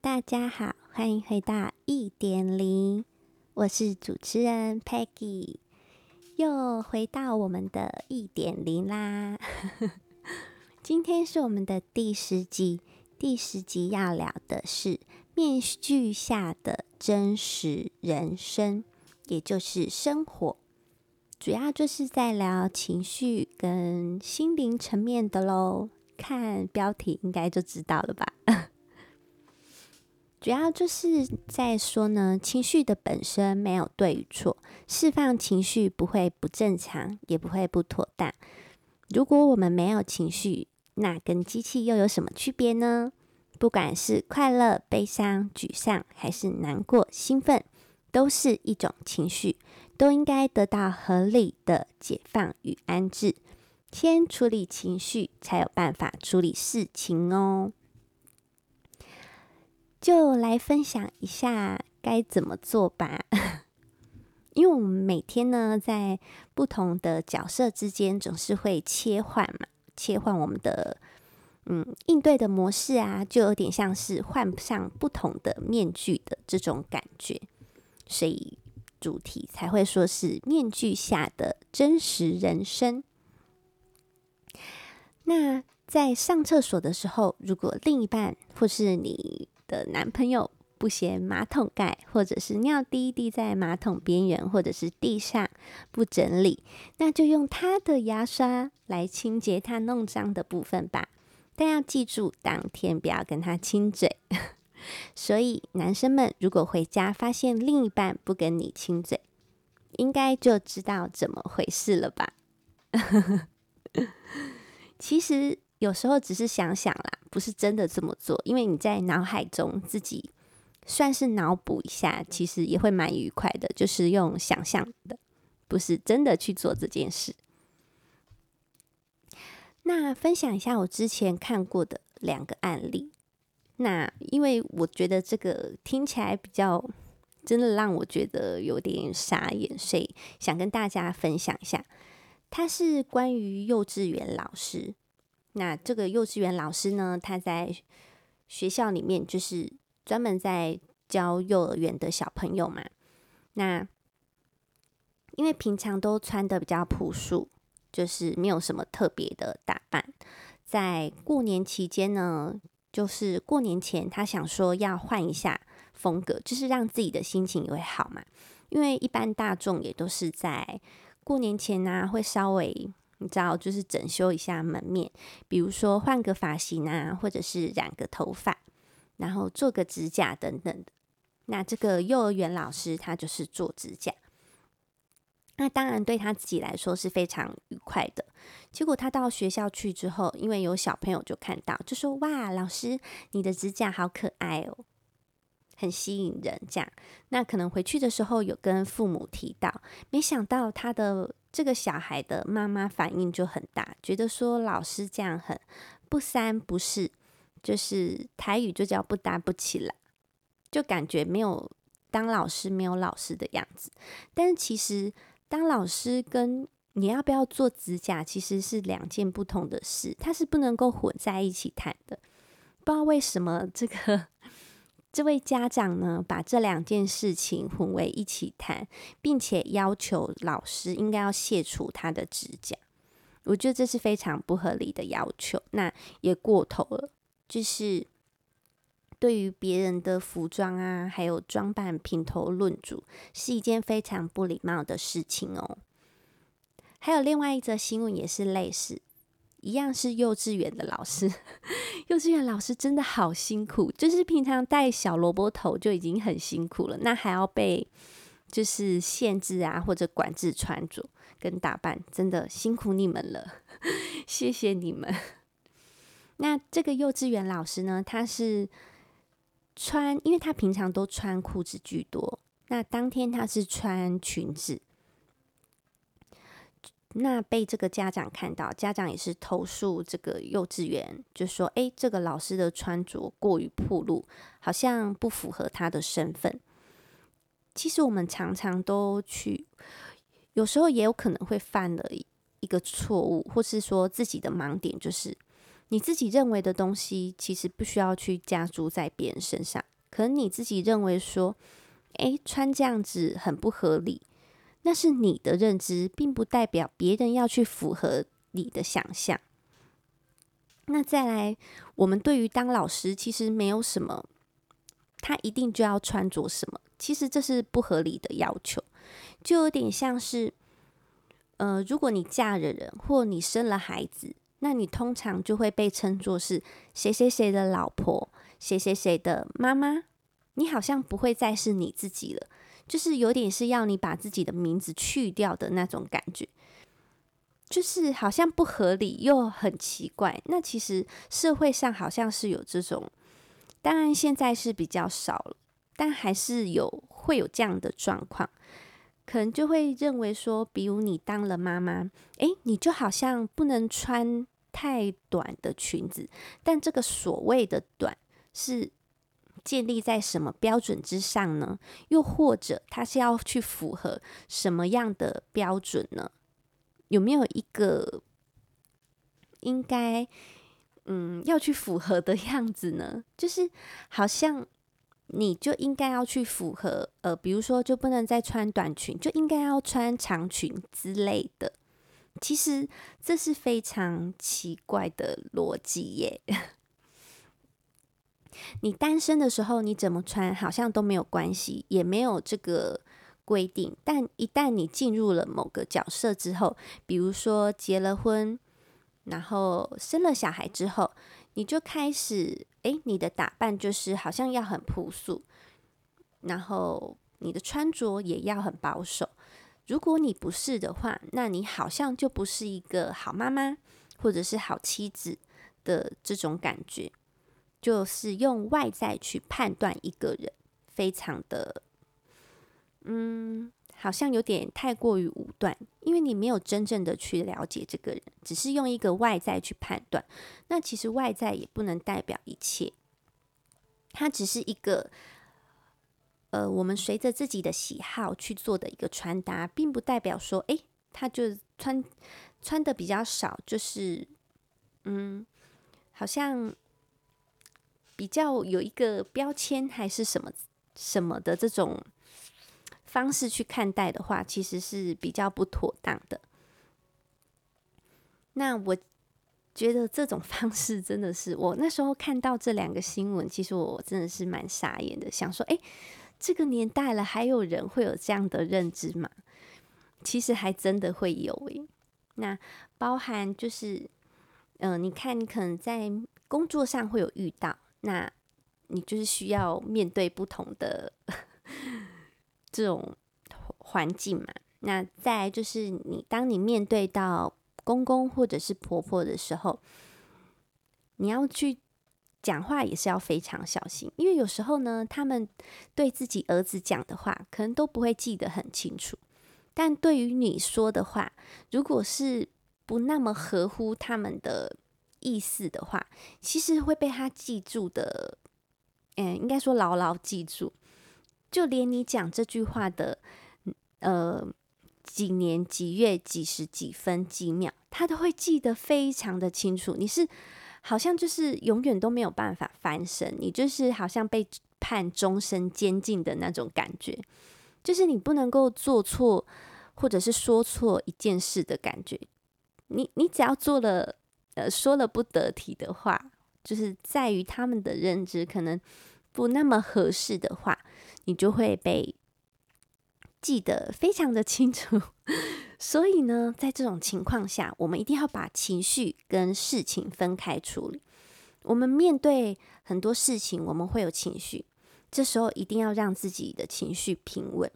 大家好，歡迎回到懿點靈，我是主持人 Peggy，又回到我們的懿點靈啦。 今天是我們的第十集，第十集要聊的是面具下的真實人生，也就是生活，主要就是在聊情緒跟心靈層面的咯。看標題應該就知道了吧？主要就是在說呢，情緒的本身沒有對與錯，釋放情緒不會不正常，也不會不妥當。如果我們沒有情緒，那跟機器又有什麼區別呢？不管是快樂、悲傷、沮喪，還是難過、興奮，都是一種情緒，都應該得到合理的解放與安置。先處理情緒，才有辦法處理事情哦。就來分享一下該怎麼做吧，因為我們每天呢，在不同的角色之間總是會切換嘛，切換我們的嗯應對的模式啊，就有點像是換上不同的面具的這種感覺，所以主題才會說是“面具下的真實人生”。那在上廁所的時候，如果另一半或是你，的男朋友不掀馬桶蓋，或者是尿滴滴在馬桶邊緣，或者是地上不整理，那就用他的牙刷來清潔他弄髒的部分吧。但要記住，當天不要跟他親嘴。 所以男生們如果回家發現另一半不跟你親嘴，應該就知道怎麼回事了吧？ 其實有時候只是想想啦。不是真的這麼做，因為你在腦海中自己算是腦補一下，其實也會蠻愉快的，就是用想象的，不是真的去做這件事。那分享一下我之前看過的兩個案例，那因為我覺得這個聽起來比較真的讓我覺得有點傻眼，所以想跟大家分享一下，它是關於幼稚園老師。那這個幼稚園老師呢，他在學校裡面就是專門在教幼兒園的小朋友嘛。那因為平常都穿得比較樸素，就是沒有什麼特別的打扮。在過年期間呢，就是過年前，他想說要換一下風格，就是讓自己的心情也會好嘛。因為一般大眾也都是在過年前呢，啊，會稍微。你知道，就是整修一下門面，比如說換個髮型啊，或者是染個頭髮，然後做個指甲等等的。那這個幼兒園老師他就是做指甲，那當然對他自己來說是非常愉快的。結果他到學校去之後，因為有小朋友就看到，就說：“哇，老師，你的指甲好可愛哦，很吸引人。”這樣，那可能回去的時候有跟父母提到，沒想到他的。這個小孩的媽媽反應就很大，覺得說老師這樣很不三不四，就是台語就叫不搭不起了，就感覺沒有當老師，沒有老師的樣子。但是其實當老師跟你要不要做指甲其實是兩件不同的事，它是不能夠混在一起談的。不知道為什麼這個。這位家長呢，把這兩件事情混為一起談，並且要求老師應該要卸除他的指甲，我覺得這是非常不合理的要求，那也過頭了。就是對於別人的服裝啊，還有裝扮品頭論足，是一件非常不禮貌的事情哦。還有另外一則新聞也是類似。一樣是幼稚園的老師，幼稚園老師真的好辛苦，就是平常帶小蘿蔔頭就已經很辛苦了，那還要被就是限制啊或者管制穿着跟打扮，真的辛苦你們了，謝謝你們。那這個幼稚園老師呢，他是穿，因為他平常都穿褲子居多，那當天他是穿裙子。那被這個家長看到，家長也是投訴這個幼稚園，就說：“誒這個老師的穿着過於暴露，好像不符合他的身份。”其實我們常常都去，有時候也有可能會犯了一個錯誤，或是說自己的盲點，就是你自己認為的東西，其實不需要去加諸在別人身上。可能你自己認為說：“誒，穿這樣子很不合理。”那是你的認知，並不代表別人要去符合你的想象。那再來，我們對於當老師其實沒有什麼，他一定就要穿着什麼？其實這是不合理的要求，就有點像是，呃，如果你嫁了人或你生了孩子，那你通常就會被稱作是誰誰誰的老婆、誰誰誰的媽媽，你好像不會再是你自己了。就是有點是要你把自己的名字去掉的那種感覺，就是好像不合理又很奇怪。那其實社會上好像是有這種，當然現在是比較少了，但還是有會有這樣的狀況，可能就會認為說，比如你當了媽媽，誒，你就好像不能穿太短的裙子，但這個所謂的短是。建立在什麼標準之上呢？又或者他是要去符合什麼樣的標準呢？有沒有一個應該，嗯，要去符合的樣子呢？就是好像你就應該要去符合，呃，比如說就不能再穿短裙，就應該要穿長裙之類的。其實這是非常奇怪的邏輯耶。你單身的時候，你怎麼穿好像都沒有關係，也沒有這個規定。但一旦你進入了某個角色之後，比如說結了婚，然後生了小孩之後，你就開始，哎，你的打扮就是好像要很樸素，然後你的穿着也要很保守。如果你不是的話，那你好像就不是一個好媽媽，或者是好妻子的這種感覺。就是用外在去判斷一個人，非常的，嗯，好像有點太過於武斷，因為你沒有真正的去了解這個人，只是用一個外在去判斷。那其實外在也不能代表一切，它只是一個，呃，我們隨着自己的喜好去做的一個穿搭，並不代表說，哎，他就穿穿的比較少，就是，嗯，好像。比較有一個標籤還是什麼什麼的這種方式去看待的話，其實是比較不妥當的。那我覺得這種方式真的是我那時候看到這兩個新聞，其實我真的是蠻傻眼的，想說：哎、欸，這個年代了，還有人會有這樣的認知嗎？其實還真的會有、欸。誒。那包含就是，嗯、呃，你看，你可能在工作上會有遇到。那，你就是需要面對不同的 這種環境嘛？那再就是你，你當你面對到公公或者是婆婆的時候，你要去講話也是要非常小心，因為有時候呢，他們對自己兒子講的話，可能都不會記得很清楚，但對於你說的話，如果是不那麼合乎他們的。意思的話，其實會被他記住的。嗯，應該說牢牢記住，就連你講這句話的，呃，幾年幾月幾時幾分幾秒，他都會記得非常的清楚。你是好像就是永遠都沒有辦法翻身，你就是好像被判終身監禁的那種感覺，就是你不能夠做錯或者是說錯一件事的感覺。你你只要做了。說了不得體的話，就是在於他們的認知可能不那麼合適的話，你就會被記得非常的清楚。 所以呢，在這種情況下，我們一定要把情緒跟事情分開處理。我們面對很多事情，我們會有情緒，這時候一定要讓自己的情緒平穩。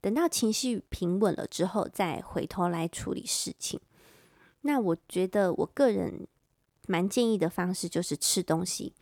等到情緒平穩了之後，再回頭來處理事情。那我覺得，我個人蠻建議的方式就是吃東西，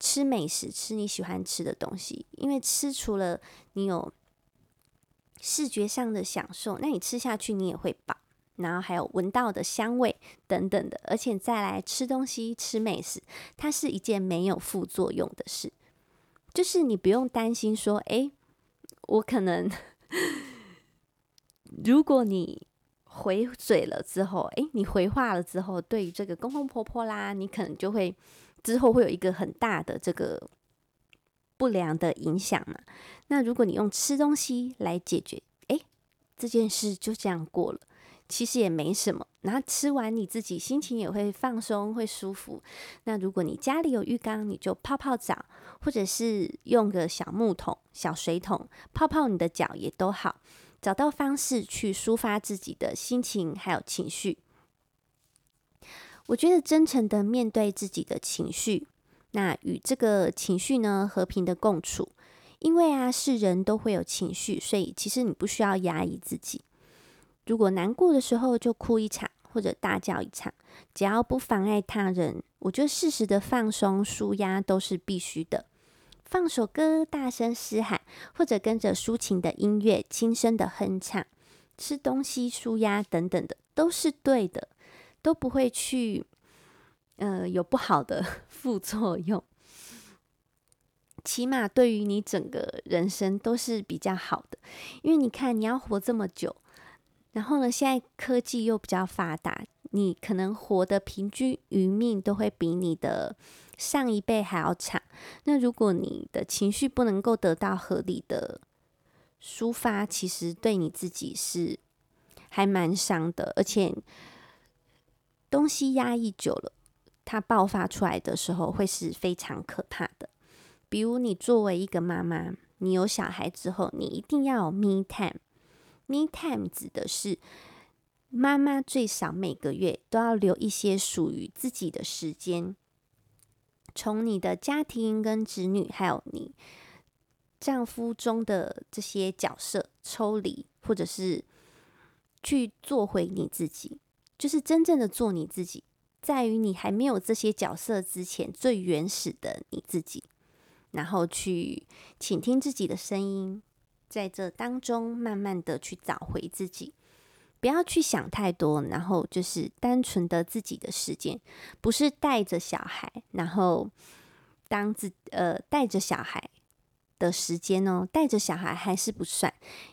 吃美食，吃你喜歡吃的東西，因為吃除了你有視覺上的享受，那你吃下去你也會飽，然後還有聞到的香味等等的，而且再來吃東西吃美食，它是一件沒有副作用的事，就是你不用擔心說，哎，我可能如果你。回嘴了之後，誒，你回話了之後，對於這個公公婆婆啦，你可能就會之後會有一個很大的這個不良的影響嘛。那如果你用吃東西來解決，哎，這件事就這樣過了，其實也沒什麼。然後吃完你自己心情也會放鬆，會舒服。那如果你家裡有浴缸，你就泡泡澡，或者是用個小木桶、小水桶泡泡你的腳也都好。找到方式去抒發自己的心情，還有情緒。我覺得真誠的面對自己的情緒，那與這個情緒呢，和平的共處。因為啊，是人都會有情緒，所以其實你不需要壓抑自己。如果難過的時候就哭一場，或者大叫一場，只要不妨礙他人，我覺得適時的放鬆、舒壓都是必須的。放首歌，大聲嘶喊，或者跟着抒情的音樂輕聲的哼唱，吃東西、舒壓等等的都是對的，都不會去，呃，有不好的副作用。起碼對於你整個人生都是比較好的，因為你看你要活這麼久，然後呢，現在科技又比較發達，你可能活得平均餘命都會比你的上一輩還要差。那如果你的情緒不能夠得到合理的抒發，其實對你自己是還蠻傷的。而且東西壓抑久了，它爆發出來的時候會是非常可怕的。比如你作為一個媽媽，你有小孩之後，你一定要有 me time。Me time 指的是媽媽最少每個月都要留一些屬於自己的時間。從你的家庭跟子女，還有你丈夫中的這些角色抽離，或者是去做回你自己，就是真正的做你自己，在於你還沒有這些角色之前最原始的你自己，然後去傾聽自己的聲音，在這當中慢慢的去找回自己。不要去想太多，然後就是單純的自己的時間，不是帶着小孩，然後當自呃帶着小孩的時間哦，帶着小孩還是不算，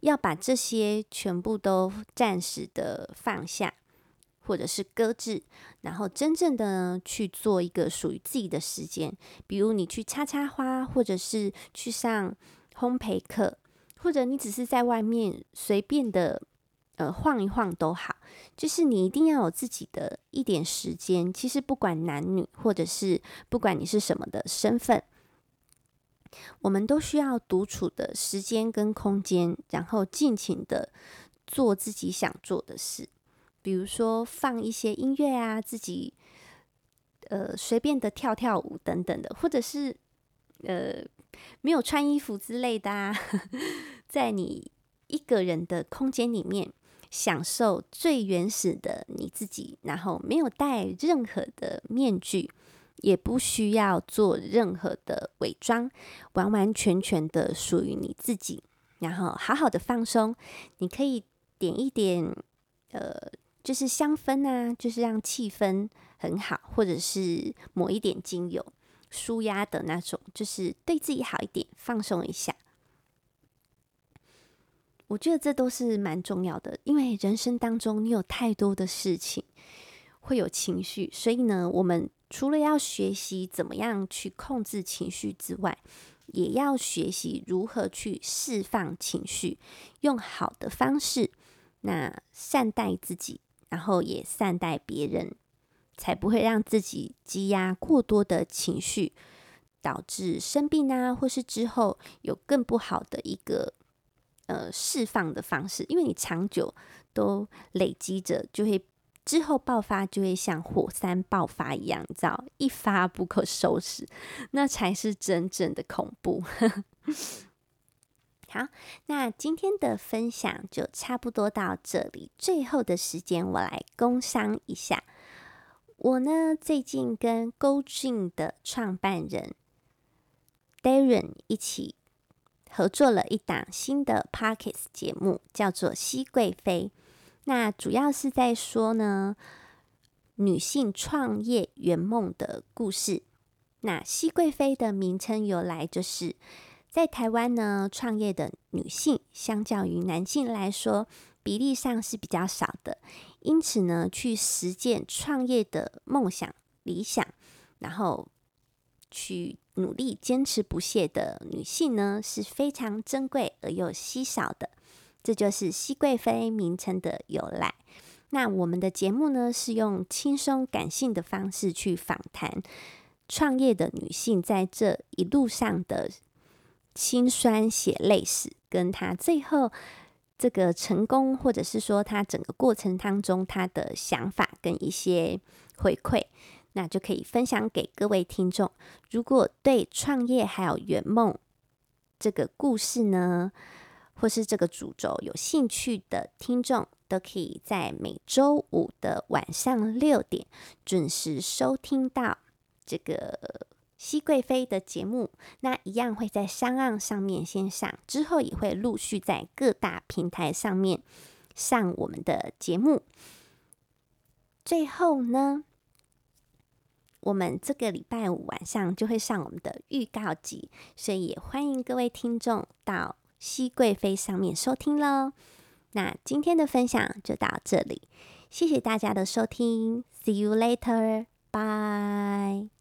要把這些全部都暫時的放下或者是擱置，然後真正的去做一個屬於自己的時間，比如你去插插花，或者是去上烘焙課，或者你只是在外面隨便的。呃，晃一晃都好，就是你一定要有自己的一點時間。其實不管男女，或者是不管你是什麼的身份，我們都需要獨處的時間跟空間，然後盡情的做自己想做的事，比如說放一些音樂啊，自己呃隨便的跳跳舞等等的，或者是呃沒有穿衣服之類的啊呵呵，在你一個人的空間裡面。享受最原始的你自己，然後沒有戴任何的面具，也不需要做任何的偽裝，完完全全的屬於你自己。然後好好的放鬆，你可以點一點，呃，就是香氛啊，就是讓氣氛很好，或者是抹一點精油，舒壓的那種，就是對自己好一點，放鬆一下。我覺得這都是蠻重要的，因為人生當中你有太多的事情會有情緒，所以呢，我們除了要學習怎麼樣去控制情緒之外，也要學習如何去釋放情緒，用好的方式，那善待自己，然後也善待別人，才不會讓自己積壓過多的情緒，導致生病啊，或是之後有更不好的一個。呃，釋放的方式，因為你長久都累積着，就會之後爆發，就會像火山爆發一樣，你知道，一發不可收拾，那才是真正的恐怖。 好，那今天的分享就差不多到這裡。最後的時間，我來工商一下。我呢，最近跟 Go Dream 的創辦人 Darren 一起。合作了一檔新的 Podcast 節目，叫做《稀貴妃》。那主要是在說呢，女性創業圓夢的故事。那“稀貴妃”的名稱由來，就是在台灣呢，創業的女性相較於男性來說，比例上是比較少的，因此呢，去實踐創業的夢想、理想，然後，去努力堅持不懈的女性呢，是非常珍貴而又稀少的。這就是稀貴妃名稱的由來。那我們的節目呢，是用輕鬆感性的方式去訪談創業的女性，在這一路上的辛酸血淚史，跟她最後這個成功，或者是說她整個過程當中她的想法跟一些回饋。那就可以分享給各位聽眾。如果對創業還有圓夢這個故事呢，或是這個主軸有興趣的聽眾，都可以在每周五的晚上六點準時收聽到這個《稀貴妃》的節目。那一樣會在 SoundOn 上面先上，之後也會陸續在各大平台上面上我們的節目。最後呢，我們這個禮拜五晚上就會上我們的預告集，所以也歡迎各位聽眾到稀貴妃上面收聽嘍。那今天的分享就到這裡，謝謝大家的收聽，See you later，bye。